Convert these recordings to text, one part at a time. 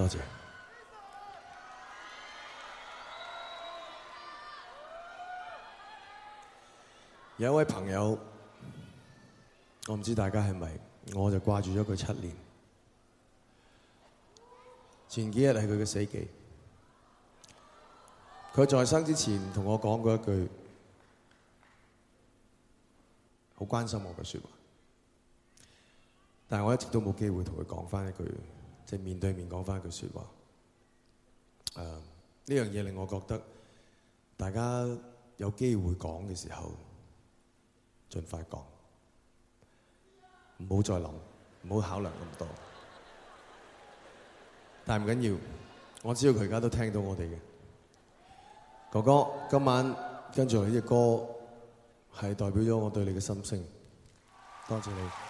多謝有一位朋友，我唔知大家係咪，我就掛住咗佢七年。前幾日係佢嘅死忌，佢在生之前同我講過一句好關心我嘅說話，但我一直都冇機會同佢講返一句。即面對面講翻句説話，誒、uh, 呢樣嘢令我覺得大家有機會講嘅時候，盡快講，唔好再諗，唔好考量咁多。但唔緊要，我知道佢而家都聽到我哋嘅哥哥，今晚跟住呢隻歌係代表咗我對你嘅心聲，多謝你。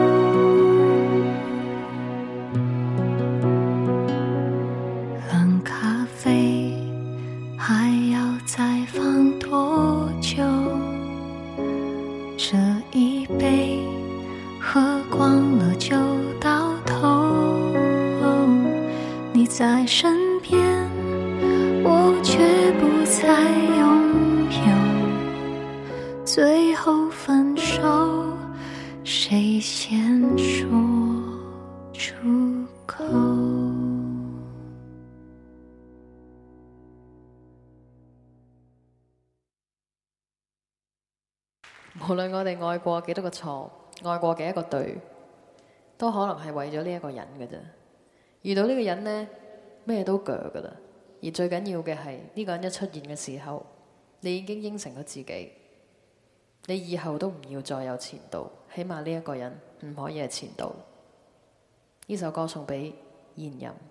愛過幾多個錯，愛過幾多個對，都可能係為咗呢一個人嘅啫。遇到呢個人呢，咩都假㗎啦。而最緊要嘅係呢個人一出現嘅時候，你已經應承咗自己，你以後都唔要再有前度，起碼呢一個人唔可以係前度。呢首歌送畀現任。